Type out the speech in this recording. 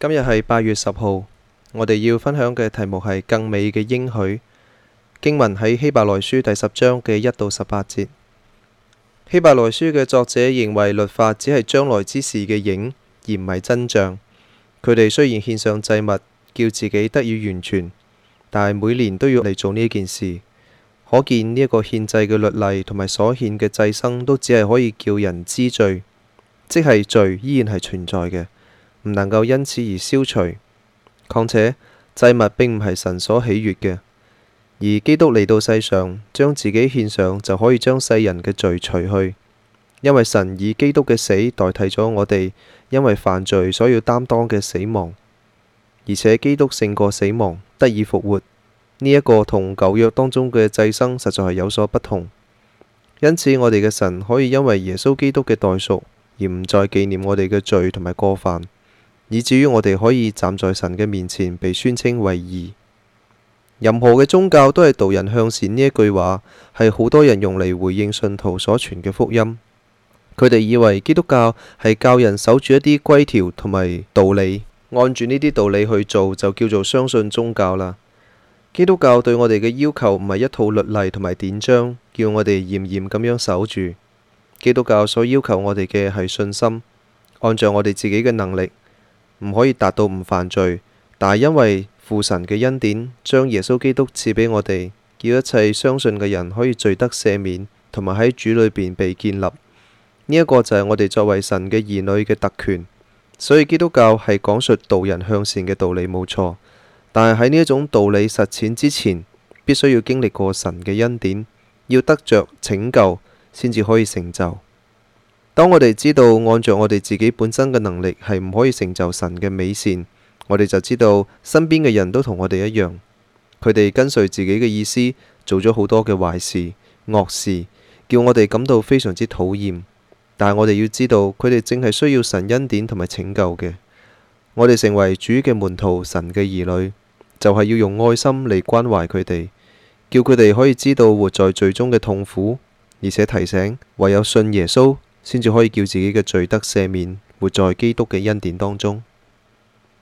今日係八月十號，我哋要分享嘅題目係更美嘅應許。經文喺希伯來書第十章嘅一到十八節。希伯來書嘅作者認為律法只係將來之事嘅影，而唔係真相。佢哋雖然獻上祭物，叫自己得以完全，但係每年都要嚟做呢件事，可見呢一個獻祭嘅律例同埋所獻嘅祭牲都只係可以叫人知罪，即係罪依然係存在嘅。唔能夠因此而消除，況且祭物並唔係神所喜悅嘅，而基督嚟到世上，將自己獻上就可以將世人嘅罪除去，因為神以基督嘅死代替咗我哋因為犯罪所要擔當嘅死亡，而且基督勝過死亡得以復活，呢、這、一個同舊約當中嘅祭牲實在係有所不同，因此我哋嘅神可以因為耶穌基督嘅代贖而唔再紀念我哋嘅罪同埋過犯。以至於我哋可以站在神嘅面前被宣稱為義。任何嘅宗教都係導人向善呢一句話，係好多人用嚟回應信徒所傳嘅福音。佢哋以為基督教係教人守住一啲規條同埋道理，按住呢啲道理去做就叫做相信宗教啦。基督教對我哋嘅要求唔係一套律例同埋典章，叫我哋嚴嚴咁樣守住。基督教所要求我哋嘅係信心，按照我哋自己嘅能力，唔可以達到唔犯罪，但係因為父神嘅恩典，將耶穌基督賜俾我哋，叫一切相信嘅人可以罪得赦免，同埋喺主裏邊被建立。呢一個就係我哋作為神嘅兒女嘅特權。所以基督教係講述導人向善嘅道理冇錯，但係喺呢一種道理實踐之前，必須要經歷過神嘅恩典，要得着拯救，先至可以成就。當我哋知道按着我哋自己本身嘅能力係唔可以成就神嘅美善，我哋就知道身邊嘅人都同我哋一樣，佢哋跟隨自己嘅意思做咗好多嘅壞事、惡事，叫我哋感到非常之討厭。但係我哋要知道，佢哋正係需要神恩典同埋拯救嘅。我哋成為主嘅門徒、神嘅兒女，就係要用愛心嚟關懷佢哋，叫佢哋可以知道活在罪中嘅痛苦，而且提醒唯有信耶穌。先至可以叫自己嘅罪得赦免，活在基督嘅恩典當中。